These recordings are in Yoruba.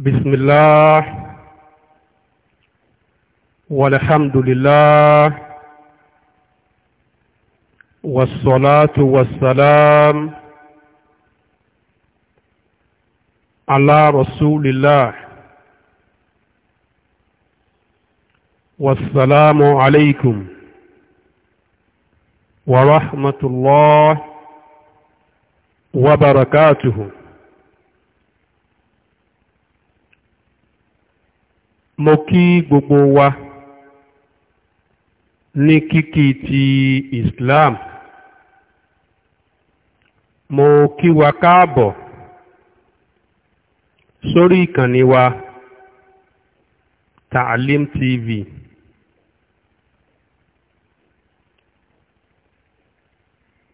بسم الله والحمد لله والصلاة والسلام على رسول الله والسلام عليكم ورحمة الله وبركاته mo kí gbogbo wa ní kíkí ti Islam mo kí wa káàbọ̀ sórí ìkànnì wa Ta'alim TV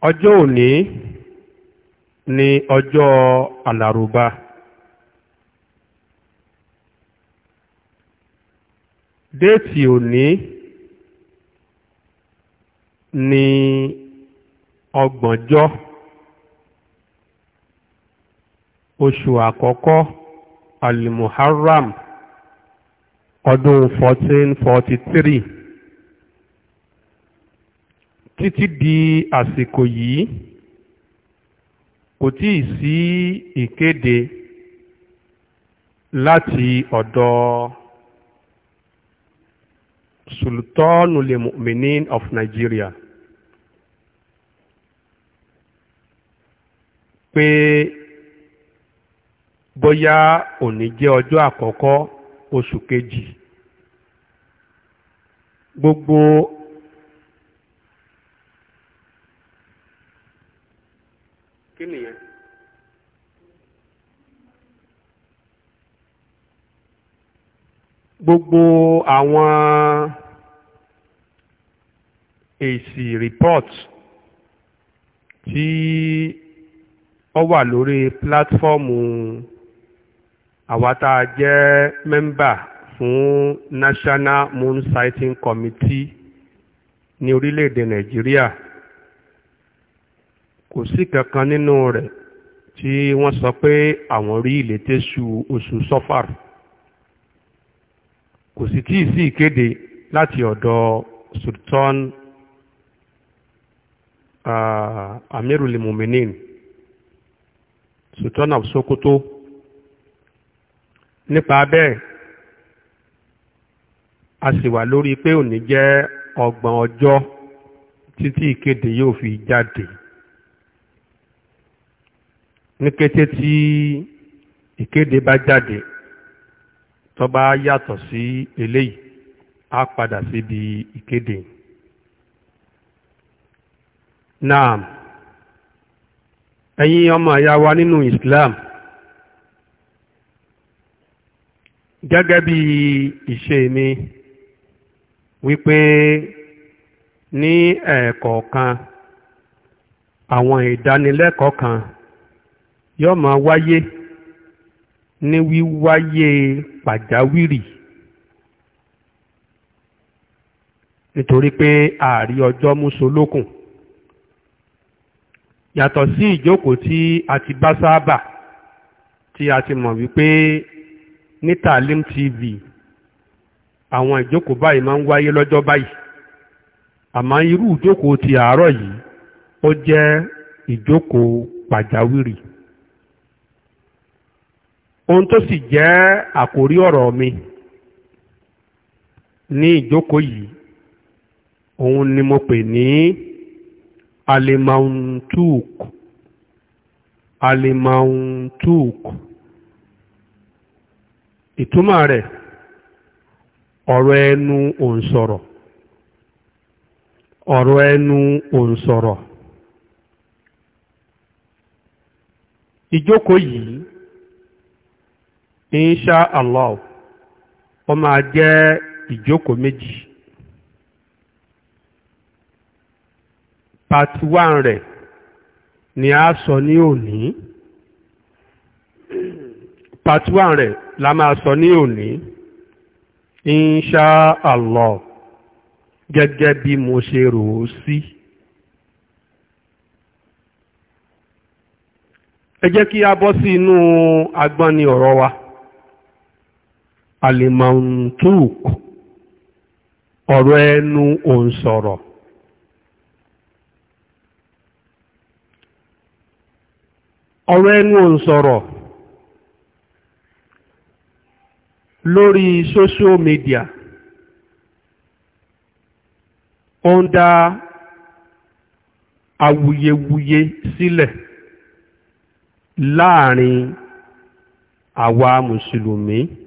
ọjọ́ òní ni ọjọ́ àlàrúbá. déètì òní ni ọgbọ̀njọ́ oṣù àkọ́kọ́ alimuharram ọdún 1443 títí di àsìkò yìí kò tíì sí ìkéde láti ọ̀dọ̀ Sultanul Mu'minin of Nigeria pé bóyá òní jẹ́ ọjọ́ àkọ́kọ́ oṣù kejì gbogbo kí nìyẹn gbogbo àwọn èsì report tí ó wà lórí pílátífọ́ọ̀mù àwa tá jẹ́ mẹ́mbà fún National Moon Sighting Committee ní orílẹ̀-èdè Nàìjíríà kò sí kankan nínú rẹ̀ tí wọ́n sọ pé àwọn rí ìlétésù oṣù sọ́fàrù. So kò sì tí ì sí ìkéde láti ọ̀dọ̀ sultan uh, amirul muminin sultan of sokoto nípa bẹ́ẹ̀ a sì wà lórí pé òní jẹ́ ọgbọ̀n ọjọ́ títí ìkéde yóò fi jáde ní kété tí ìkéde bá jáde tó bá yàtọ̀ sí eléyìí a padà sí síbi ìkéde náà ẹ̀yin ọmọ ìyá wa nínú Islam gẹ́gẹ́ bí ìṣe mi wípé ní ẹ̀ẹ̀kọ̀ kan àwọn ìdánilẹ́kọ̀ọ́ kan yóò ma wáyé ní wíwáyé pàjáwìrì nítorí pé ààrí ọjọ́ músolókùn yàtọ̀ sí ìjókòó tí a ti bá sáábà tí a ti mọ̀ wípé ní Talim TV àwọn ìjókòó báyìí máa ń wáyé lọ́jọ́ báyìí àmọ́ irú ìjókòó ti àárọ̀ yìí ó jẹ́ ìjókòó pàjáwìrì. ohun tó sì jẹ́ àkórí ọ̀rọ̀ mi ní ìjókòó yìí òun ni mo pè ní alimantuk alimantuk ìtumọ̀ rẹ̀ ọ̀rọ̀ ẹnu òǹsọ̀rọ̀ ọ̀rọ̀ ẹnu òǹsọ̀rọ̀ ìjókòó yìí insha allah ó máa jẹ́ ijoko méjì part one rẹ̀ ni a sọ ní òní part one la ma sọ ní òní insha allah gẹ́gẹ́ bí mo ṣe rò ó sí. ẹ jẹ́ kí a bọ́ sí inú agbọ́nni ọ̀rọ̀ wa. alimantuk ọ̀rọ̀ ẹnu òǹsọ̀rọ̀ ọ̀rọ̀ ẹnu òǹsọ̀rọ̀ lórí social media ó ń dá awuyewuye sílẹ̀ láàrin àwa mùsùlùmí. Si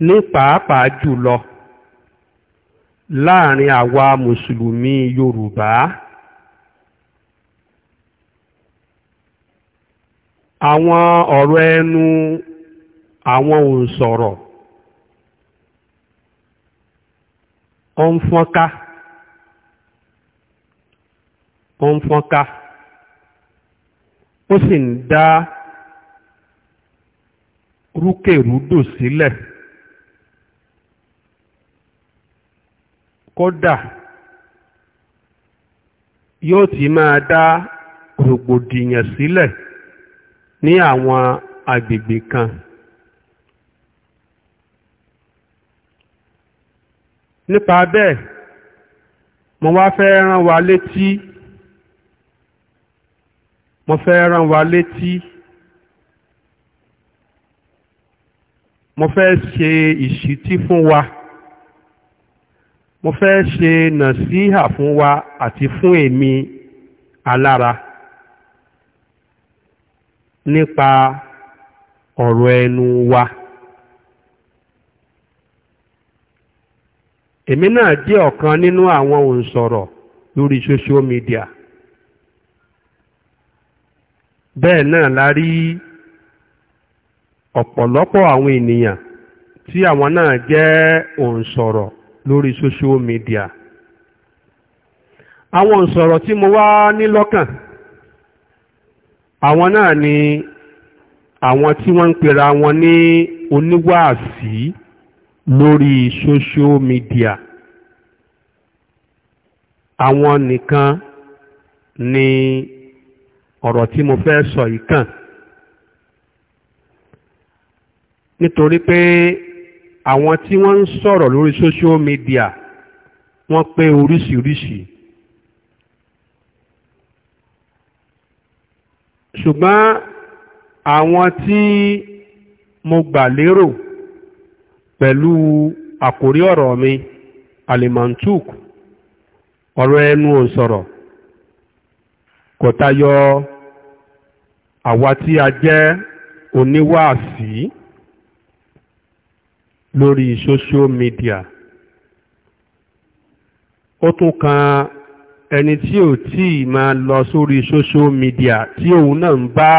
ní pàápàá jùlọ láàrin àwa mùsùlùmí yorùbá àwọn ọ̀rọ̀ ẹnu àwọn òǹsọ̀rọ̀ ó ń fọ́nká ó ń fọ́nká ó sì ń dá rúkèrúdò sílẹ̀. Si kódà yóò ti máa dá rògbòdìyàn sílẹ̀ ní àwọn agbègbè kan. nípa bẹ́ẹ̀ mo wá fẹ́ rán wa létí mo fẹ́ rán wa létí mo fẹ́ ṣe ìṣítí fún wa. mo fẹ́ ṣe nàṣíhà fún wa àti fún èmi alára nípa ọ̀rọ̀ ẹnu wa èmi náà jẹ́ ọ̀kan nínú àwọn òǹsọ̀rọ̀ lórí social media bẹ́ẹ̀ náà la rí ọ̀pọ̀lọpọ̀ àwọn ènìyàn tí àwọn náà jẹ́ òǹsọ̀rọ̀ lórí social media àwọn ìsọ̀rọ̀ tí mo wá ní lọ́kàn àwọn náà ni àwọn tí wọ́n ń pera wọn ní oníwàásí lórí social media àwọn nìkan ni ọ̀rọ̀ tí mo fẹ́ sọ yìí nítorí pé àwọn tí wọ́n ń sọ̀rọ̀ lórí social media wọ́n pé oríṣiríṣi ṣùgbọ́n àwọn tí mo gbà lérò pẹ̀lú àkórí ọ̀rọ̀ mi alimantuk ọ̀rọ̀ ẹnu ò sọ̀rọ̀ kò tayọ àwa tí a jẹ́ oníwàásí lórí social media ó tún kan ẹni tí ò tíì máa lọ sórí social media tí òun náà ń bá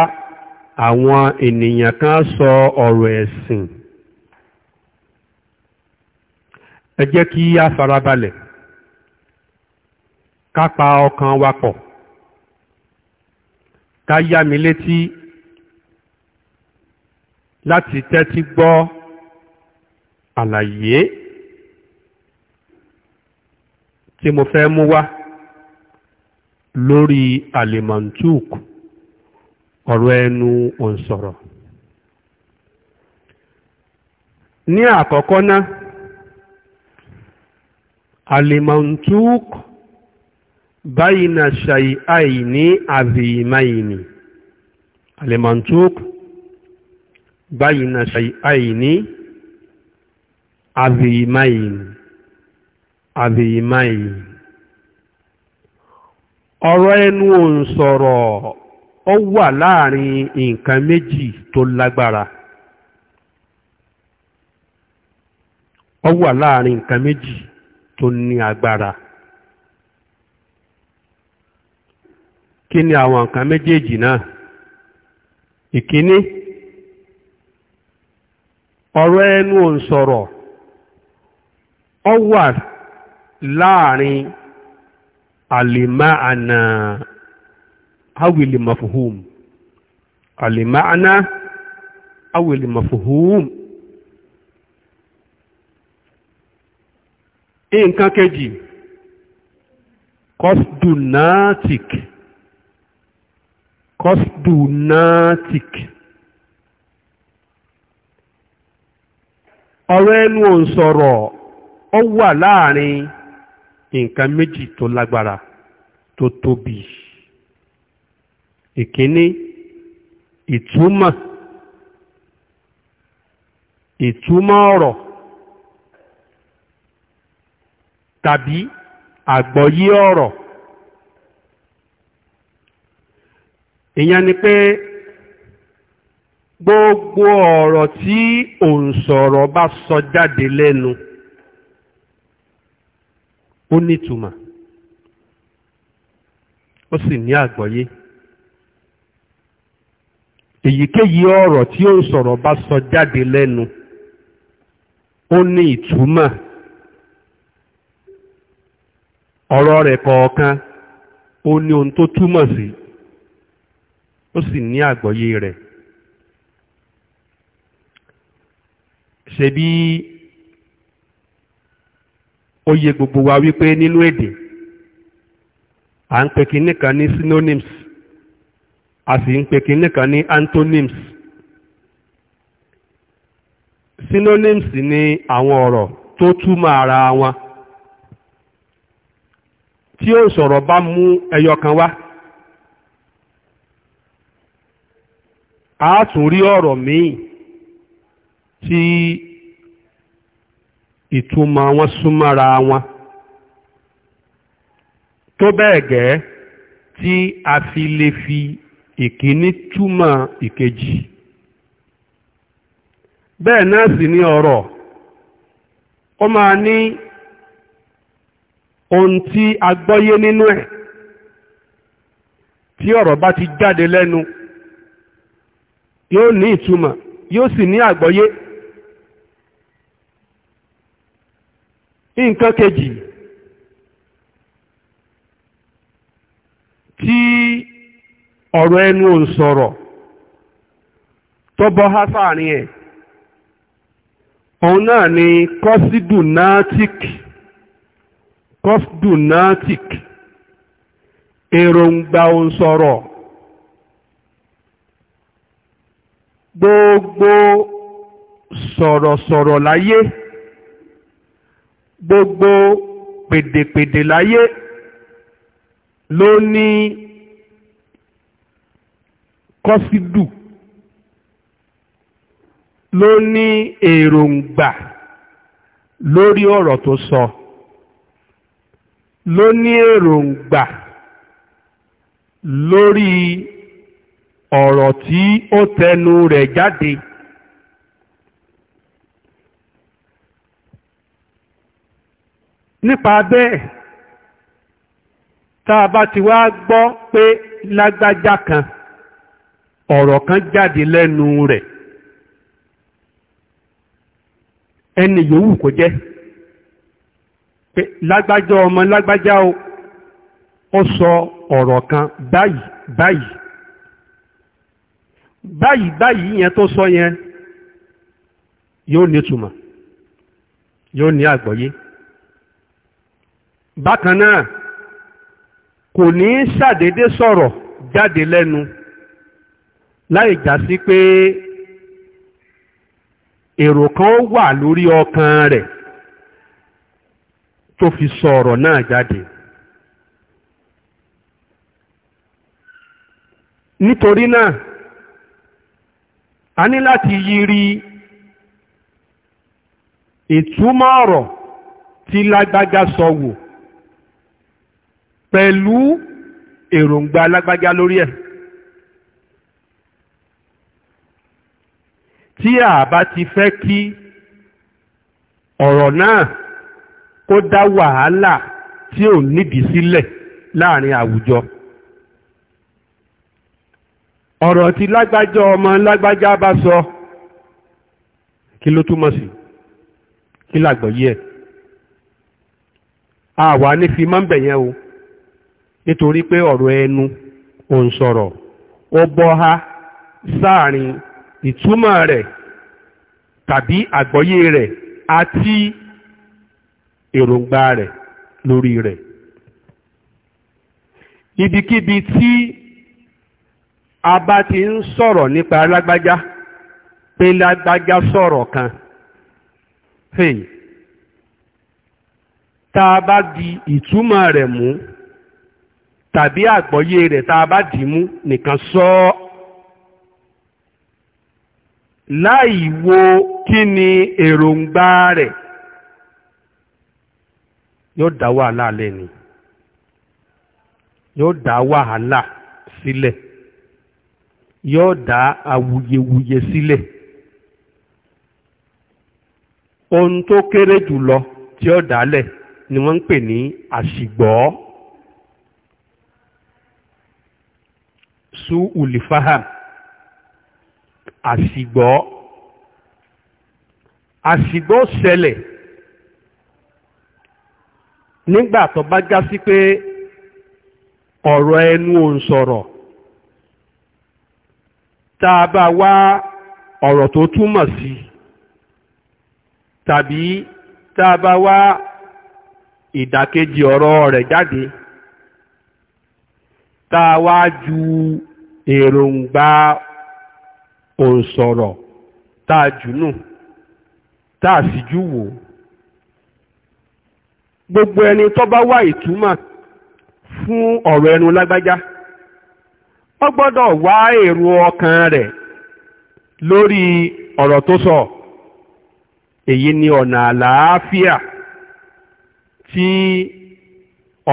àwọn ènìyàn kan sọ ọ̀rọ̀ ẹ̀sìn ẹ jẹ́ kí a farabalẹ̀ ká pa ọkàn wa pọ̀ ká yá mi létí láti tẹ́tí gbọ́ àlàyé tí mo fẹ́ mú wá lórí alimantuk ọ̀rọ̀ ẹnu òǹsọ̀rọ̀ ní àkọ́kọ́ náà alimantuk bayna shay'aini azimaini alimantuk bayna shay'aini adhimain adhimain ọ̀rọ̀ ẹnu ò ń sọ̀rọ̀ ó wà láàrin nǹkan méjì tó lágbára ó wà láàrin nǹkan méjì tó ní agbára kí ni àwọn nǹkan méjèèjì náà ìkíní ọ̀rọ̀ ẹnu ò ń sọ̀rọ̀ ọ wà láàrin àlìmáàna awìlì mafuhum àlìmáàna awìlì mafuhum nǹkan kejì kọ́sdùnátik kọ́sdùnátik ọ̀rọ̀ ẹnu ò ń sọ̀rọ̀ ó wà láàrin nǹkan méjì tó lágbára tó tóbi ìkíní ìtumọ̀ ìtumọ̀ ọ̀rọ̀ tàbí àgbọ́yé ọ̀rọ̀ ìyẹn ni pé gbogbo ọ̀rọ̀ tí òǹsọ̀rọ̀ bá sọ jáde lẹ́nu. ó nítumọ̀ ó sì ní àgbọ́yé èyíkéyìí ọ̀rọ̀ tí ó ń sọ̀rọ̀ bá sọ jáde lẹ́nu ó ní ìtumọ̀ ọ̀rọ̀ rẹ̀ kọ̀ọ̀kan ó ní ohun tó túmọ̀ sí ó sì ní àgbọ́yé rẹ̀ ó yẹ gbogbo wa wípé nínú èdè à ń pè kinní ní synonyms a sì ń pè kinní ní antonyms synonyms ni àwọn ọ̀rọ̀ tó túmọ̀ ara wọn tí ó sọ̀rọ̀ bá mú ẹyọ kan wá a tún rí ọ̀rọ̀ míì tí ìtumọ̀ wọn súnmọ́ra wọn tó bẹ́ẹ̀ gẹ́ tí a fi lè fi ìkíní túmọ̀ ìkejì bẹ́ẹ̀ náà sì ní ọ̀rọ̀ ó máa ní ohun tí a gbọ́yé nínú ẹ̀ tí ọ̀rọ̀ bá ti jáde lẹ́nu yóò ní ìtumọ̀ yóò sì ní àgbọ́yé. nǹkan kejì tí ọ̀rọ̀ ẹnu ò ń sọ̀rọ̀ tó bọ́ há sáàrin ẹ̀ òun náà ni kọ́sídùnátík nsọrọ gbogbo sọ̀rọ̀sọ̀rọ̀ láyé. gbogbo pèdèpèdè láyé ló ní kọ́sídù ló ní èròǹgbà lórí ọ̀rọ̀ tó sọ ló ní èròǹgbà lórí ọ̀rọ̀ tí ó tẹnu rẹ̀ jáde. nípa bẹ́ẹ̀ tá a bá ti wá gbọ́ pé lágbájá kan ọ̀rọ̀ kan jáde lẹ́nu rẹ̀ ẹni yòówù kó jẹ́ pé lágbájá ọmọ lágbájá o ó sọ ọ̀rọ̀ kan báyìí báyìí báyìí báyìí yẹn tó sọ yẹn yóò nítumọ̀ yóò ní àgbọ́yé. bákanáà kò ní ṣàdédé sọ̀rọ̀ jáde lẹ́nu láì já sí pé èrò kan wà lórí ọkàn rẹ̀ tó fi sọ̀rọ̀ náà jáde. nítorí náà a ní láti yiri ìtumọ̀ ọ̀rọ̀ tí lágbága sọ wò. So pẹ̀lú èròǹgbà alágbájá lórí ẹ̀ tí a bá ti fẹ́ kí ọ̀rọ̀ náà kó dá wàhálà tí ò nídìí sílẹ̀ láàrin àwùjọ ọ̀rọ̀ tí lágbájá ọmọ lágbájá bá sọ kí ló túmọ̀ sí kí làgbọ̀yé ẹ̀ àwa ní fi mọ́ ń o. nítorí pé ọ̀rọ̀ ẹnu ò ń sọ̀rọ̀ ó bọ́há sáàrin ìtumọ̀ rẹ̀ tàbí àgbọ́yé rẹ̀ àti èròǹgbà rẹ̀ lórí rẹ̀ ibikíbi tí a bá ti ń sọ̀rọ̀ nípa lágbájá pé lágbájá sọ̀rọ̀ kan hey, tá a bá di ìtumọ̀ rẹ̀ mú tàbí àgbọ́yé rẹ̀ tá a bá dì mú nìkan sọ ọ́ láì wo kí ni èròǹgbà rẹ̀ yóò dá wàhálà lẹ́ni yóò dá wàhálà sílẹ̀ yóò dá awuyewuye sílẹ̀ ohun tó kéré jùlọ tí ó dálẹ̀ ni wọ́n ń pè ní àṣìgbọ́. sú ulifaham àsìgbọ́ àsìgbọ́ ṣẹlẹ̀ nígbà tó bá já sí pé ọ̀rọ̀ ẹnu ò ń sọ̀rọ̀ tá a bá wá ọ̀rọ̀ tó túmọ̀ sí tàbí tá a bá wá ìdàkejì ọ̀rọ̀ rẹ̀ jáde. tá a ju èròǹgbà òǹsọ̀rọ̀ tá a jù nù tá sì jù wò gbogbo ẹni tó bá wá ìtumọ̀ fún ọ̀rọ̀ ẹnu lágbájá ó gbọ́dọ̀ wá èrò ọkàn rẹ̀ lórí ọ̀rọ̀ tó sọ èyí ni ọ̀nà àlàáfíà tí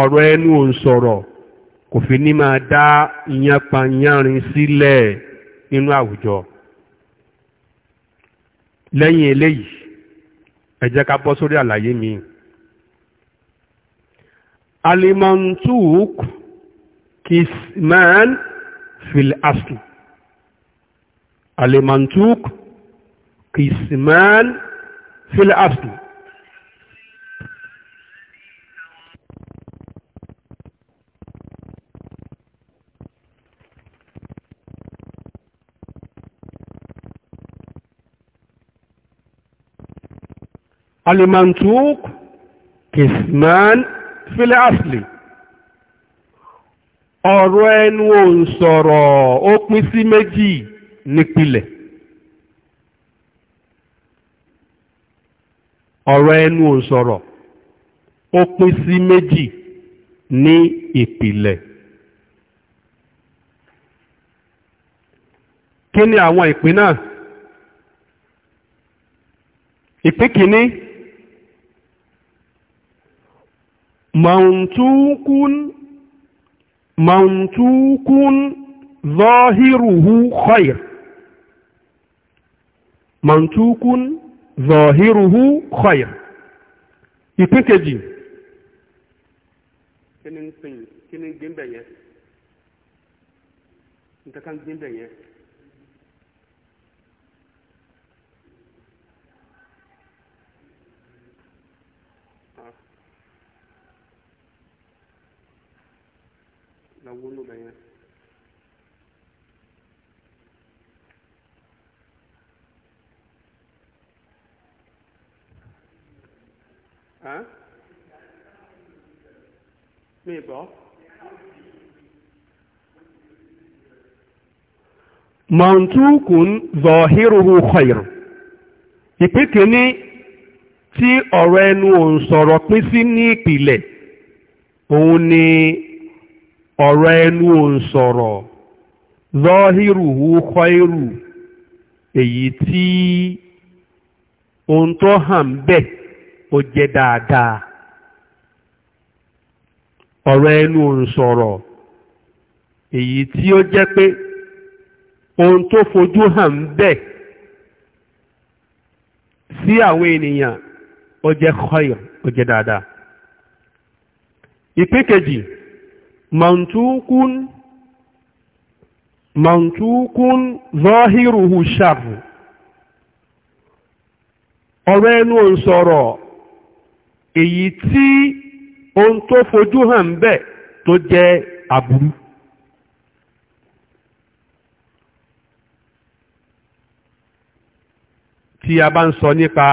ọ̀rọ̀ ẹnu ò kò fi ní máa dá ìyanpanyanrin sílẹ̀ nínú àwùjọ lẹ́yìn eléyìí ẹ ká bọ́ sórí àlàyé mi alimantuk kisman fil asl alimantuk kisman fil asl المنطوق قسمان في الأصل ọ̀rọ̀ ẹnu ò ń sọ̀rọ̀ ó pín sí méjì nípìlẹ̀ ọ̀rọ̀ ẹnu ò ń sọ̀rọ̀ ó pín sí méjì ní ìpìlẹ̀ kí ni àwọn ìpín náà ìpín kìíní mọ̀ntúkún mọ̀ntúkún zọ́hírùhù khair mọ̀ntúkún zọ́hírùhù khair ìpín kejì kí ni ń pè kí lọ wó ló bẹ̀yẹn. mi gbọ́. mọ̀ntúkùn zọ̀hírùhù khairu ìpín kìíní tí ọ̀rọ̀ ẹnu òun sọ̀rọ̀ pín sí ní ìpìlẹ̀ òun ni. ọ̀rọ̀ ẹnu ò ń sọ̀rọ̀ zọ́hírùhù èyí tí ohun tó hàn bẹ̀ ó jẹ́ dáadáa ẹnu èyí tí ó jẹ́ pé ohun tó fojú hàn sí منطوق منطوق ظاهره الشر ọ̀rọ̀ ẹnu ò ń sọ̀rọ̀ èyí tí ohun tó fojú hàn bẹ́ẹ̀ tó jẹ́ aburú tí a bá ń sọ nípa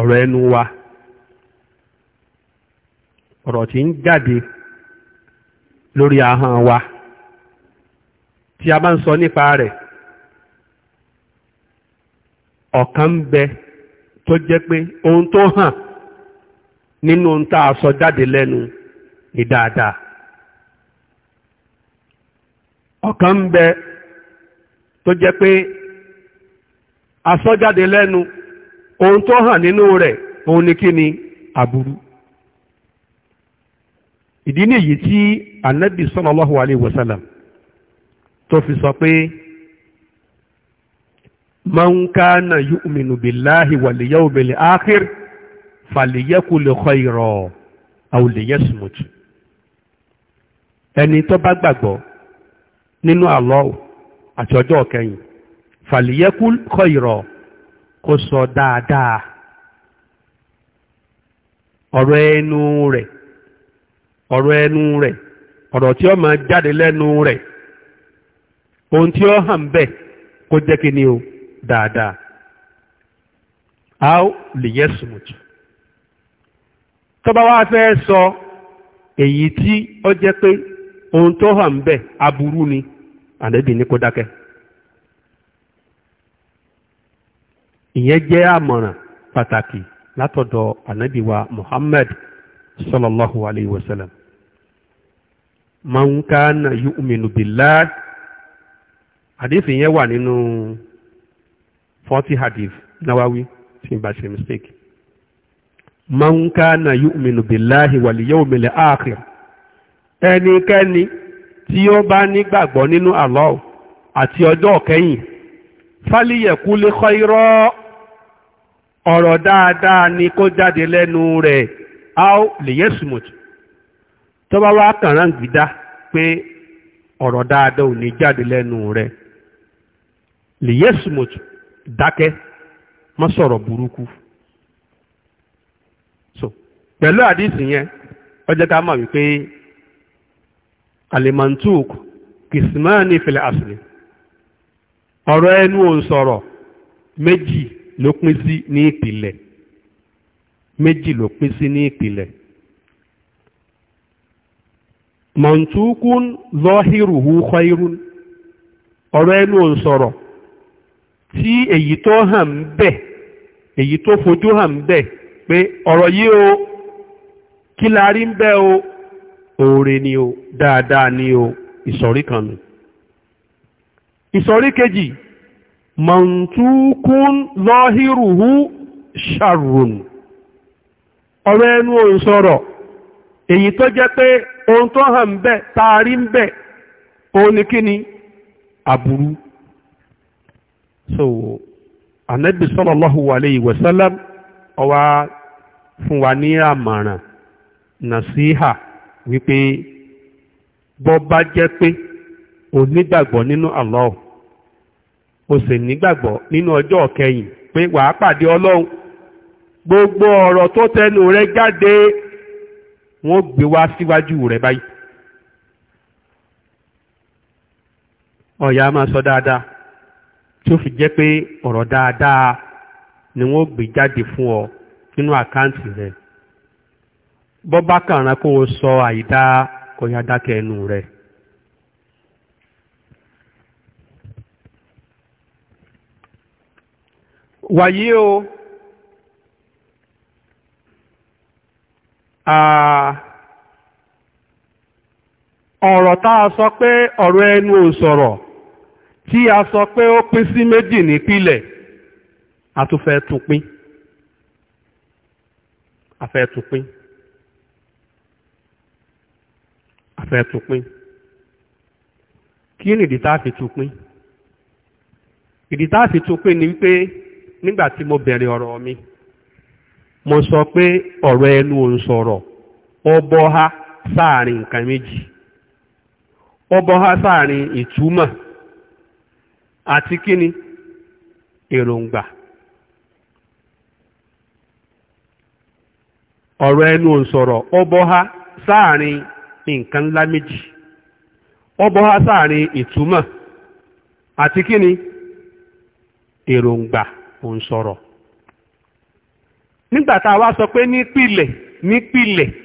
ọ̀rọ̀ ẹnu wa ọ̀rọ̀ lórí ahọ́n wa tí a bá ń sọ nípa rẹ̀ ọ̀kan bẹ tó jẹ́ pé ohun tó hàn nínú ohun tá a sọ jáde lẹ́nu ni dáadáa ọ̀kan ń bẹ tó jẹ́ pé a sọ lẹ́nu ohun tó hàn nínú rẹ̀ òun ni kí ni àbúrú ìdí nìyí tí anabi sallallahu alayhi wa sallam tó fi sọ pé man kana yu'minu billahi wal yawmil akhir falyakul khayran aw liyasmut ẹni tó bá gbàgbọ́ nínú Allah àti ọjọ́ kẹyìn falyakul khayran kó sọ dáadáa ọ̀rọ̀ ẹnu rẹ̀ ọ̀rọ̀ ẹnu rẹ̀ ọ̀rọ̀ tí ọ máa jáde lẹ́nu rẹ̀ ohun tí ọ hàn bẹ́ẹ̀ kó jẹ́ kí ni o dáadáa a ó lè yẹ sùmùtù wá fẹ́ sọ èyí tí ó jẹ́ ohun tó hàn bẹ́ẹ̀ aburú ni ànábì ní kó dákẹ́ ìyẹn jẹ́ àmọ̀ràn pàtàkì látọ̀dọ̀ sallallahu alayhi wa sallam man kana yu'minu billah hadith yẹn wà nínú forty hadith nawawi tí n bá ṣe mistake man kana yu'minu billahi wal yawmil akhir ẹnikẹ́ni tí ó bá nígbàgbọ́ nínú Allah àti ọjọ́ kẹ́yìn fáliyẹ̀kú kọ́ irọ́ ọ̀rọ̀ dáadáa ni kó jáde lẹ́nu rẹ̀ au le yesumut to ba wa kan ran gida pe oro daada ni jade lenu re le yesumut dake ma soro buruku so pelu hadith yen o ka ma wi pe alimantuk kismani fil asli oro enu o soro meji lo pin méjì ló pín sí ní ìpìlẹ̀ mọ̀ntúkún zọ́hírùhù khairun ọ̀rọ̀ ẹnu ò ń sọ̀rọ̀ tí èyí tó hàn ń bẹ̀ èyí tó fojú hàn bẹ̀ pé ọ̀rọ̀ yìí o kí la ń bẹ̀ o oore ni o dáadáa ni o ìsọ̀rí kan nù ìsọ̀rí kejì mọ̀ntúkún zọ́hírùhù sharrun ọ̀rọ̀ ẹnu ò ń sọ̀rọ̀ èyí tó jẹ́ pé ohun tó hàn ń taari ń bẹ òun ni kí ni so anabi sallallahu ọwa fún wa ní àmàràn nàṣíhà wípé bọ́ bá o nígbàgbọ́ nínú Allah o sì nígbàgbọ́ nínú ọjọ́ kẹyìn pé wàá pàdé ọlọ́run gbogbo ọ̀rọ̀ tó tẹnu rẹ jáde wọ́n gbé wá síwájú rẹ báyìí ọ̀yà máa sọ dáadáa tí ó fi jẹ́ pé ọ̀rọ̀ dáadáa ni wọ́n gbé jáde fún ọ nínú àkáǹtì rẹ bọ́bá kàrán kó o sọ àìdá ọ̀yà dákẹ́ ẹnu rẹ. wàyí o. ọ̀rọ̀ tá a sọ pé ọ̀rọ̀ ẹnu ò tí a sọ pé ó pín sí méjì nípìlẹ̀ a tún fẹ́ kí nìdí tá ni wípé nígbà tí mo bẹ̀rẹ̀ ọ̀rọ̀ mi. mo sọ pé ọ̀rọ̀ ẹnu ò ń sọ̀rọ̀ ha sáàrin nǹkan méjì ha sáàrin ìtumọ̀ àti kíni èròǹgbà ọ̀rọ̀ ha sáàrin nǹkan ńlá méjì nígbà tá a wá sọ pé nípìlẹ̀ nípìlẹ̀